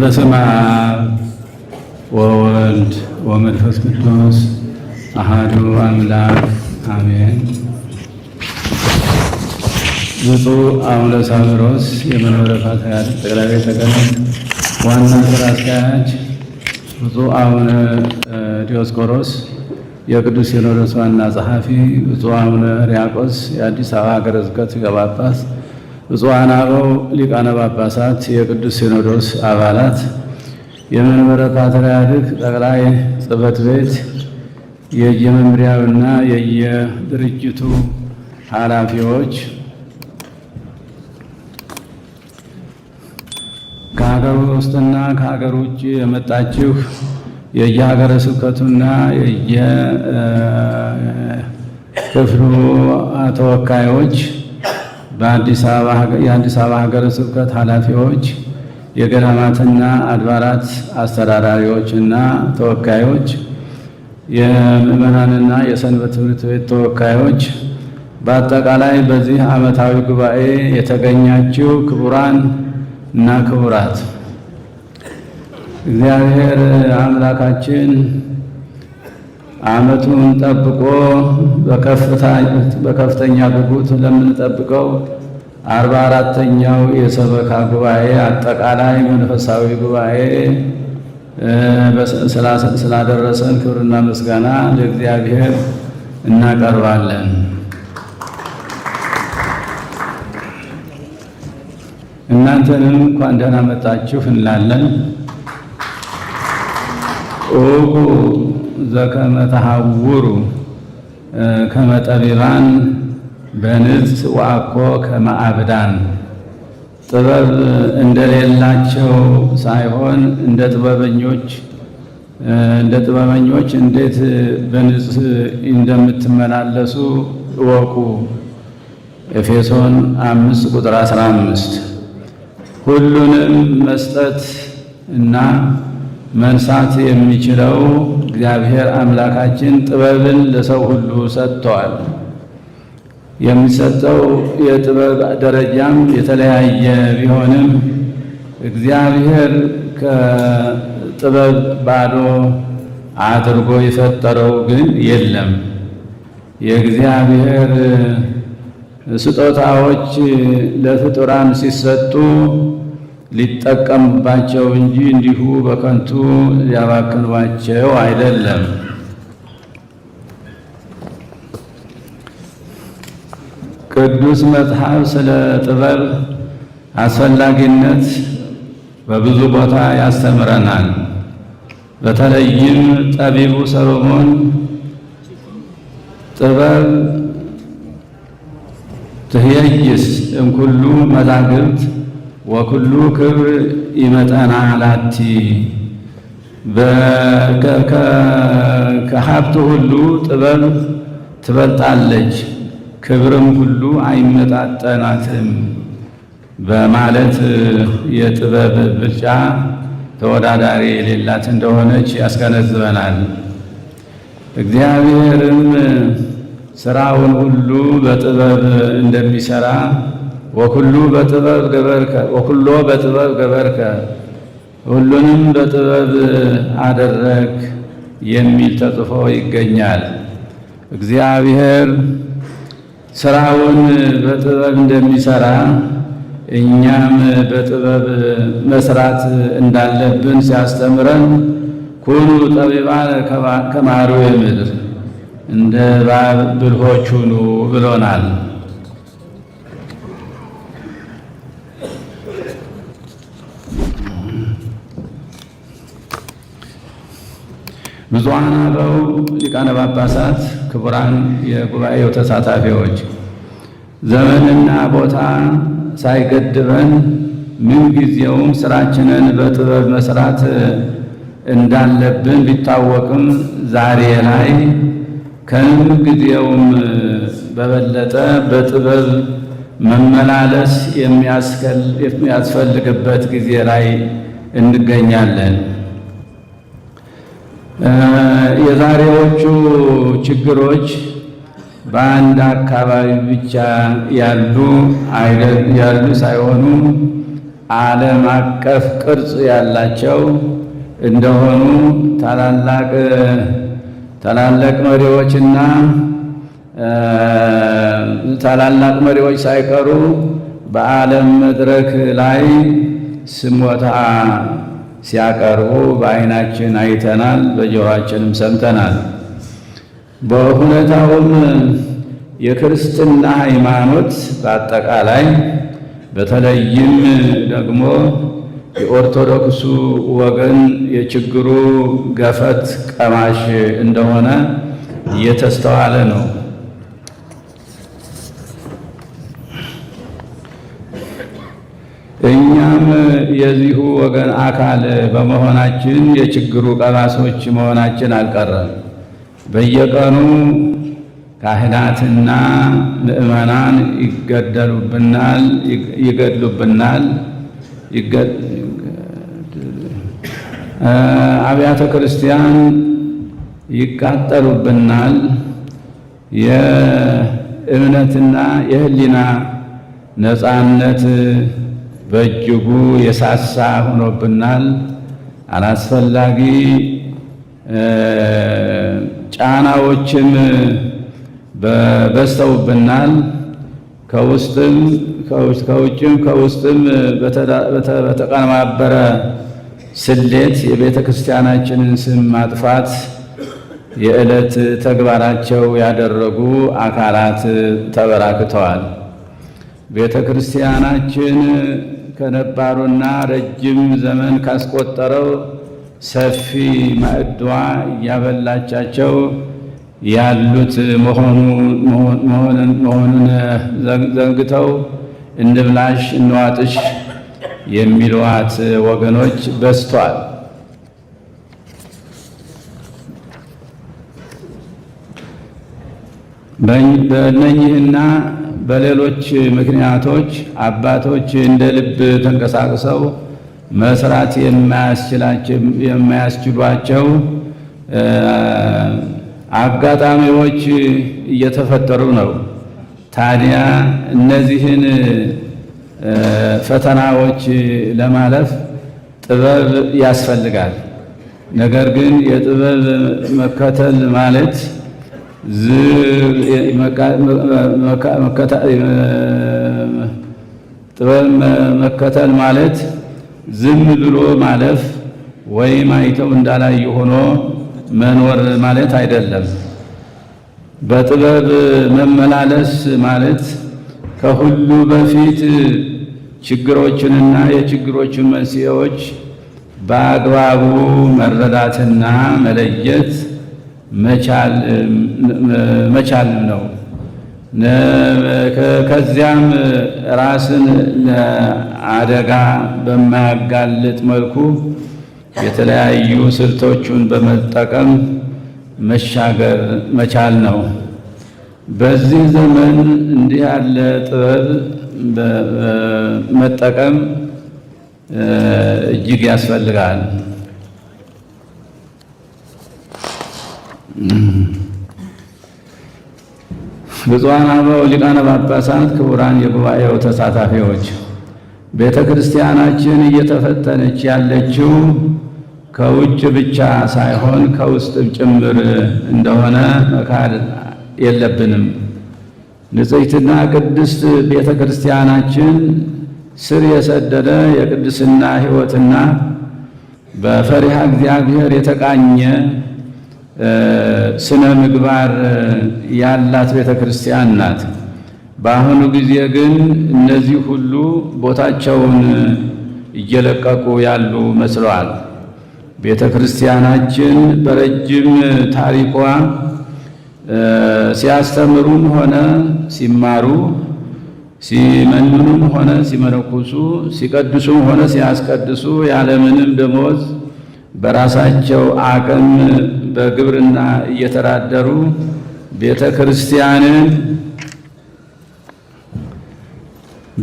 በስመ አብ ወወልድ ወመንፈስ ቅዱስ አሐዱ አምላክ አሜን። ብፁዕ አቡነ ሳዊሮስ የመንበረ ፓትርያርክ ጠቅላይ ቤተ ክህነት ዋና ሥራ አስኪያጅ ብፁዕ አቡነ ዲዮስቆሮስ የቅዱስ ሲኖዶስ ዋና ጸሐፊ፣ ብፁዕ አቡነ ሪያቆስ የአዲስ አበባ ሀገረ ስብከት ሊቀ ጳጳስ፣ ብፁዓን አበው ሊቃነ ጳጳሳት የቅዱስ ሲኖዶስ አባላት፣ የመንበረ ፓትርያርክ ጠቅላይ ጽሕፈት ቤት የየመምሪያውና የየድርጅቱ ኃላፊዎች ከሀገር ውስጥና ከሀገር ውጭ የመጣችሁ የየሀገረ ስብከቱና የየክፍሉ ተወካዮች፣ የአዲስ አበባ ሀገረ ስብከት ኃላፊዎች፣ የገዳማትና አድባራት እና ተወካዮች፣ የምዕመናንና የሰንበት ትምህርት ቤት ተወካዮች በአጠቃላይ በዚህ ዓመታዊ ጉባኤ የተገኛችው ክቡራን እና ክቡራት እግዚአብሔር አምላካችን ዓመቱን ጠብቆ በከፍተኛ ጉጉት ለምንጠብቀው አርባ አራተኛው የሰበካ ጉባኤ አጠቃላይ መንፈሳዊ ጉባኤ ስላደረሰን ክብርና ምስጋና ለእግዚአብሔር እናቀርባለን። እናንተንም እንኳን ደህና መጣችሁ እንላለን። ኦሁ ዘከመ ተሐውሩ ከመጠቢባን በንጽ ዋኮ ከመአብዳን ጥበብ እንደሌላቸው ሳይሆን እንደ ጥበበኞች እንደ ጥበበኞች እንዴት በንጽ እንደምትመላለሱ እወቁ። ኤፌሶን አምስት ቁጥር አስራ አምስት ሁሉንም መስጠት እና መንሳት የሚችለው እግዚአብሔር አምላካችን ጥበብን ለሰው ሁሉ ሰጥተዋል። የሚሰጠው የጥበብ ደረጃም የተለያየ ቢሆንም እግዚአብሔር ከጥበብ ባዶ አድርጎ የፈጠረው ግን የለም። የእግዚአብሔር ስጦታዎች ለፍጡራን ሲሰጡ ሊጠቀምባቸው እንጂ እንዲሁ በከንቱ ሊያባክኗቸው አይደለም። ቅዱስ መጽሐፍ ስለ ጥበብ አስፈላጊነት በብዙ ቦታ ያስተምረናል። በተለይም ጠቢቡ ሰሎሞን ጥበብ ትህየይስ እምኩሉ መዛግብት ወኩሉ ክብር ይመጠና ላቲ ከሀብት ሁሉ ጥበብ ትበልጣለች፣ ክብርም ሁሉ አይመጣጠናትም በማለት የጥበብ ብልጫ ተወዳዳሪ የሌላት እንደሆነች ያስገነዝበናል። እግዚአብሔርም ስራውን ሁሉ በጥበብ እንደሚሰራ ወኩሉ በጥበብ ገበርከ ወኩሎ በጥበብ ገበርከ ሁሉንም በጥበብ አደረግ የሚል ተጽፎ ይገኛል። እግዚአብሔር ስራውን በጥበብ እንደሚሰራ እኛም በጥበብ መስራት እንዳለብን ሲያስተምረን ኩኑ ጠቢባን ከማሩ የምድር እንደ እባብ ብልሆች ሁኑ ብሎናል። ብፁዓን አበው ሊቃነ ጳጳሳት፣ ክቡራን የጉባኤው ተሳታፊዎች፣ ዘመንና ቦታ ሳይገድበን ምንጊዜውም ስራችንን በጥበብ መስራት እንዳለብን ቢታወቅም ዛሬ ላይ ከምንጊዜውም በበለጠ በጥበብ መመላለስ የሚያስፈልግበት ጊዜ ላይ እንገኛለን። የዛሬዎቹ ችግሮች በአንድ አካባቢ ብቻ ያሉ ያሉ ሳይሆኑ ዓለም አቀፍ ቅርጽ ያላቸው እንደሆኑ ታላላቅ ታላላቅ መሪዎችና ታላላቅ መሪዎች ሳይቀሩ በዓለም መድረክ ላይ ስሞታ ሲያቀርቡ በዓይናችን አይተናል፣ በጆሮአችንም ሰምተናል። በሁኔታውም የክርስትና ሃይማኖት በአጠቃላይ በተለይም ደግሞ የኦርቶዶክሱ ወገን የችግሩ ገፈት ቀማሽ እንደሆነ እየተስተዋለ ነው። እኛም የዚሁ ወገን አካል በመሆናችን የችግሩ ቀባሶች መሆናችን አልቀረም። በየቀኑ ካህናትና ምዕመናን ይገደሉብናል፣ ይገድሉብናል። አብያተ ክርስቲያን ይቃጠሉብናል። የእምነትና የሕሊና ነፃነት በእጅጉ የሳሳ ሆኖብናል። አላስፈላጊ ጫናዎችም በዝተውብናል። ከውስጥም ከውጭም ከውስጥም በተቀነባበረ ስሌት የቤተ ክርስቲያናችንን ስም ማጥፋት የዕለት ተግባራቸው ያደረጉ አካላት ተበራክተዋል። ቤተ ክርስቲያናችን ከነባሩና ረጅም ዘመን ካስቆጠረው ሰፊ ማዕድዋ እያበላቻቸው ያሉት መሆኑን ዘንግተው እንብላሽ እንዋጥሽ የሚሏት ወገኖች በስቷል። በእነኝህና በሌሎች ምክንያቶች አባቶች እንደ ልብ ተንቀሳቅሰው መስራት የማያስችሏቸው አጋጣሚዎች እየተፈጠሩ ነው። ታዲያ እነዚህን ፈተናዎች ለማለፍ ጥበብ ያስፈልጋል። ነገር ግን የጥበብ መከተል ማለት ጥበብ መከተል ማለት ዝም ብሎ ማለፍ ወይም አይተው እንዳላይ ሆኖ መኖር ማለት አይደለም። በጥበብ መመላለስ ማለት ከሁሉ በፊት ችግሮችንና የችግሮችን መንስኤዎች በአግባቡ መረዳትና መለየት መቻል ነው። ከዚያም ራስን ለአደጋ በማያጋልጥ መልኩ የተለያዩ ስልቶቹን በመጠቀም መሻገር መቻል ነው። በዚህ ዘመን እንዲህ ያለ ጥበብ መጠቀም እጅግ ያስፈልጋል። ብፁዓን አበው ሊቃነ ጳጳሳት፣ ክቡራን የጉባኤው ተሳታፊዎች፣ ቤተ ክርስቲያናችን እየተፈተነች ያለችው ከውጭ ብቻ ሳይሆን ከውስጥ ጭምር እንደሆነ መካድ የለብንም። ንጽሕትና ቅድስት ቤተ ክርስቲያናችን ስር የሰደደ የቅድስና ሕይወትና በፈሪሃ እግዚአብሔር የተቃኘ ስነ ምግባር ያላት ቤተ ክርስቲያን ናት። በአሁኑ ጊዜ ግን እነዚህ ሁሉ ቦታቸውን እየለቀቁ ያሉ መስለዋል። ቤተ ክርስቲያናችን በረጅም ታሪኳ ሲያስተምሩም ሆነ ሲማሩ ሲመንኑም ሆነ ሲመነኩሱ ሲቀድሱም ሆነ ሲያስቀድሱ ያለምንም ደሞዝ በራሳቸው አቅም በግብርና እየተዳደሩ ቤተ ክርስቲያንን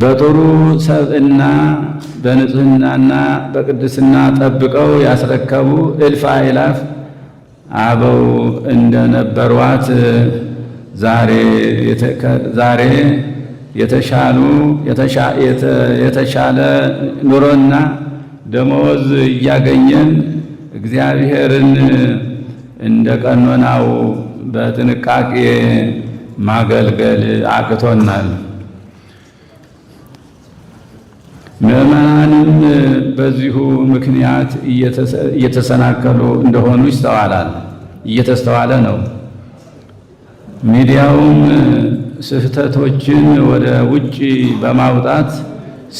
በጥሩ ሰብና በንጽህናና በቅድስና ጠብቀው ያስረከቡ እልፍ አእላፍ አበው እንደነበሯት ዛሬ የተሻሉ የተሻለ ኑሮና ደመወዝ እያገኘን እግዚአብሔርን እንደ ቀኖናው በጥንቃቄ ማገልገል አቅቶናል። ምዕመናንም በዚሁ ምክንያት እየተሰናከሉ እንደሆኑ ይስተዋላል፣ እየተስተዋለ ነው። ሚዲያውም ስህተቶችን ወደ ውጭ በማውጣት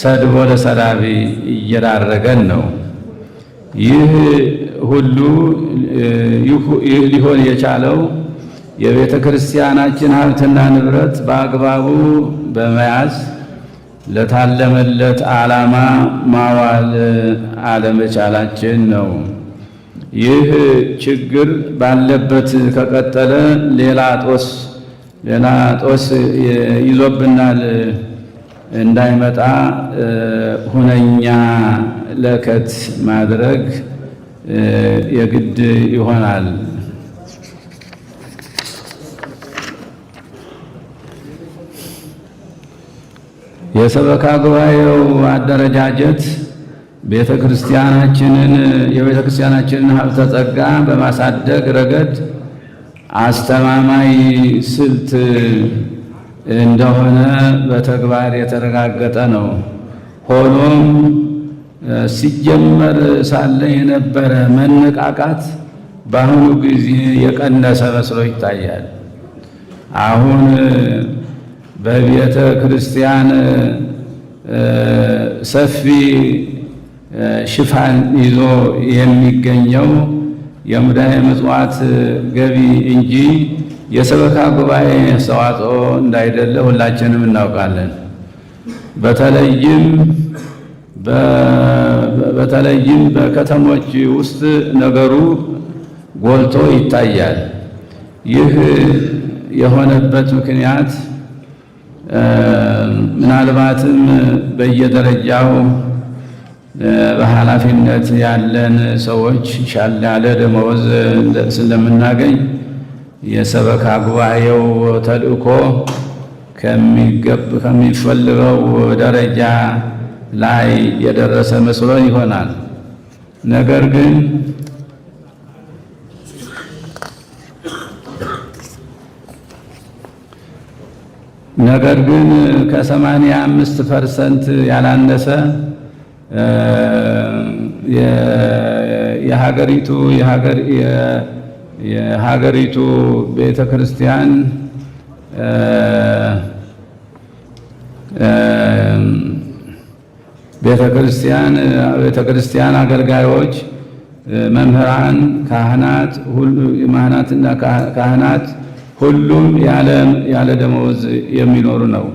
ሰድቦ ለሰዳቢ እየዳረገን ነው። ይህ ሁሉ ሊሆን የቻለው የቤተ ክርስቲያናችን ሀብትና ንብረት በአግባቡ በመያዝ ለታለመለት ዓላማ ማዋል አለመቻላችን ነው። ይህ ችግር ባለበት ከቀጠለ ሌላ ጦስ ሌላ ጦስ ይዞብናል እንዳይመጣ ሁነኛ ለከት ማድረግ የግድ ይሆናል። የሰበካ ጉባኤው አደረጃጀት ቤተ ክርስቲያናችንን የቤተ ክርስቲያናችንን ሀብተ ጸጋ በማሳደግ ረገድ አስተማማኝ ስልት እንደሆነ በተግባር የተረጋገጠ ነው። ሆኖም ሲጀመር ሳለ የነበረ መነቃቃት በአሁኑ ጊዜ የቀነሰ መስሎ ይታያል። አሁን በቤተ ክርስቲያን ሰፊ ሽፋን ይዞ የሚገኘው የሙዳየ ምጽዋት ገቢ እንጂ የሰበካ ጉባኤ አስተዋጽኦ እንዳይደለ ሁላችንም እናውቃለን። በተለይም በተለይም በከተሞች ውስጥ ነገሩ ጎልቶ ይታያል። ይህ የሆነበት ምክንያት ምናልባትም በየደረጃው በኃላፊነት ያለን ሰዎች ሻል ያለ ደመወዝ ስለምናገኝ የሰበካ ጉባኤው ተልእኮ ከሚገብ ከሚፈልገው ደረጃ ላይ የደረሰ መስሎን ይሆናል። ነገር ግን ነገር ግን ከሰማንያ አምስት ፐርሰንት ያላነሰ የሀገሪቱ የሀገሪቱ ቤተ ክርስቲያን ቤተክርስቲያን አገልጋዮች፣ መምህራን፣ ካህናት ማህናትና ካህናት ሁሉም ያለ ደመወዝ የሚኖሩ ነው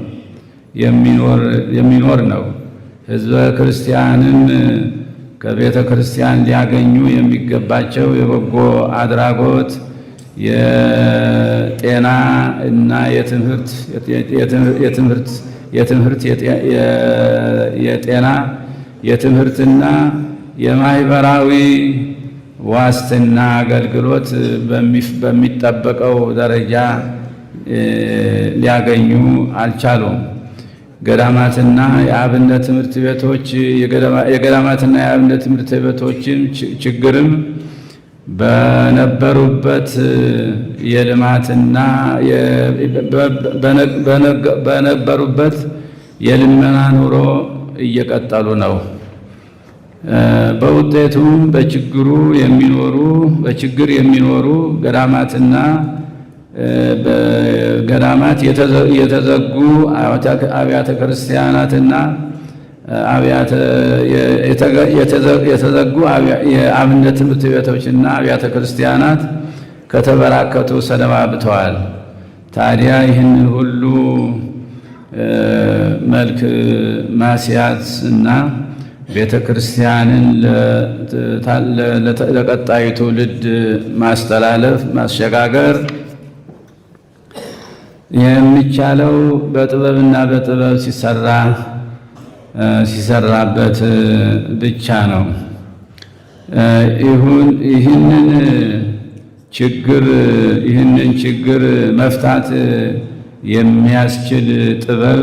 የሚኖር ነው። ህዝበ ክርስቲያንን ከቤተ ክርስቲያን ሊያገኙ የሚገባቸው የበጎ አድራጎት የጤና እና የትምህርት የትምህርት የጤና የትምህርትና የማህበራዊ ዋስትና አገልግሎት በሚጠበቀው ደረጃ ሊያገኙ አልቻሉም። ገዳማትና የአብነት ትምህርት ቤቶች የገዳማትና የአብነት ትምህርት ቤቶችን ችግርም በነበሩበት የልማትና በነበሩበት የልመና ኑሮ እየቀጠሉ ነው። በውጤቱም በችግሩ የሚኖሩ በችግር የሚኖሩ ገዳማትና ገዳማት የተዘጉ አብያተ ክርስቲያናትና የተዘጉ የአብነት ትምህርት ቤቶችና አብያተ ክርስቲያናት ከተበራከቱ ሰነባብተዋል። ታዲያ ይህን ሁሉ መልክ ማስያዝ እና ቤተ ክርስቲያንን ለቀጣዩ ትውልድ ማስተላለፍ ማሸጋገር የሚቻለው በጥበብና በጥበብ ሲሰራ ሲሰራበት ብቻ ነው። ይህንን ችግር ይህንን ችግር መፍታት የሚያስችል ጥበብ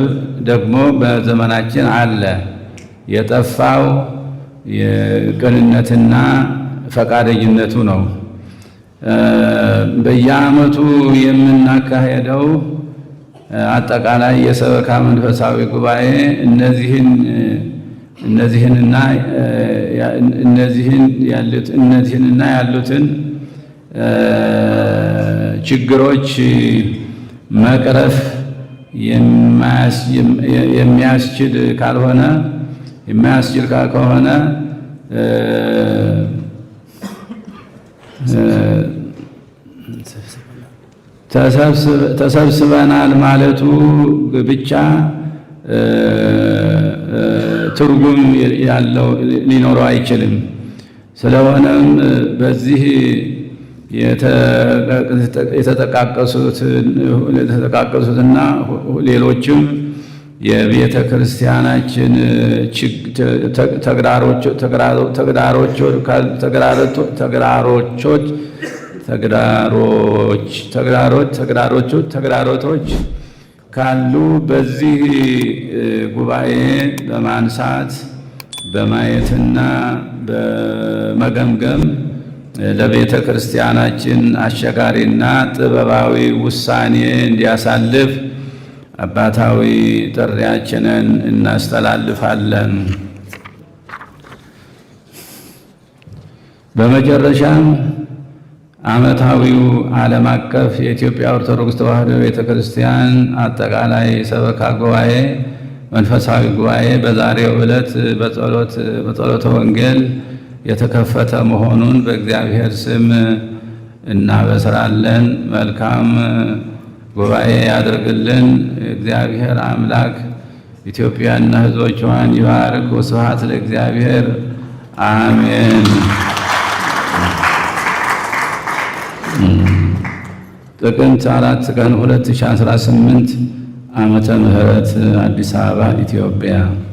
ደግሞ በዘመናችን አለ። የጠፋው የቅንነትና ፈቃደኝነቱ ነው። በየዓመቱ የምናካሄደው አጠቃላይ የሰበካ መንፈሳዊ ጉባኤ እነዚህን እነዚህንና እነዚህን ያሉት እነዚህንና ያሉትን ችግሮች መቅረፍ የሚያስችል ካልሆነ የሚያስችል ከሆነ ተሰብስበናል ማለቱ ብቻ ትርጉም ያለው ሊኖረው አይችልም። ስለሆነም በዚህ የተጠቃቀሱትና ሌሎችም የቤተ ክርስቲያናችን ተግራሮቾች ተግዳሮች ተግዳሮች ተግዳሮቹ ተግዳሮቶች ካሉ በዚህ ጉባኤ በማንሳት በማየትና በመገምገም ለቤተ ክርስቲያናችን አሸጋሪና ጥበባዊ ውሳኔ እንዲያሳልፍ አባታዊ ጥሪያችንን እናስተላልፋለን። በመጨረሻም ዓመታዊው ዓለም አቀፍ የኢትዮጵያ ኦርቶዶክስ ተዋሕዶ ቤተ ክርስቲያን አጠቃላይ ሰበካ ጉባኤ መንፈሳዊ ጉባኤ በዛሬው ዕለት በጸሎተ ወንጌል የተከፈተ መሆኑን በእግዚአብሔር ስም እናበስራለን። መልካም ጉባኤ ያድርግልን። እግዚአብሔር አምላክ ኢትዮጵያና ሕዝቦቿን ይባርክ። ስብሐት ለእግዚአብሔር አሜን። ጥቅምት አራት ቀን 2018 ዓመተ ምህረት አዲስ አበባ ኢትዮጵያ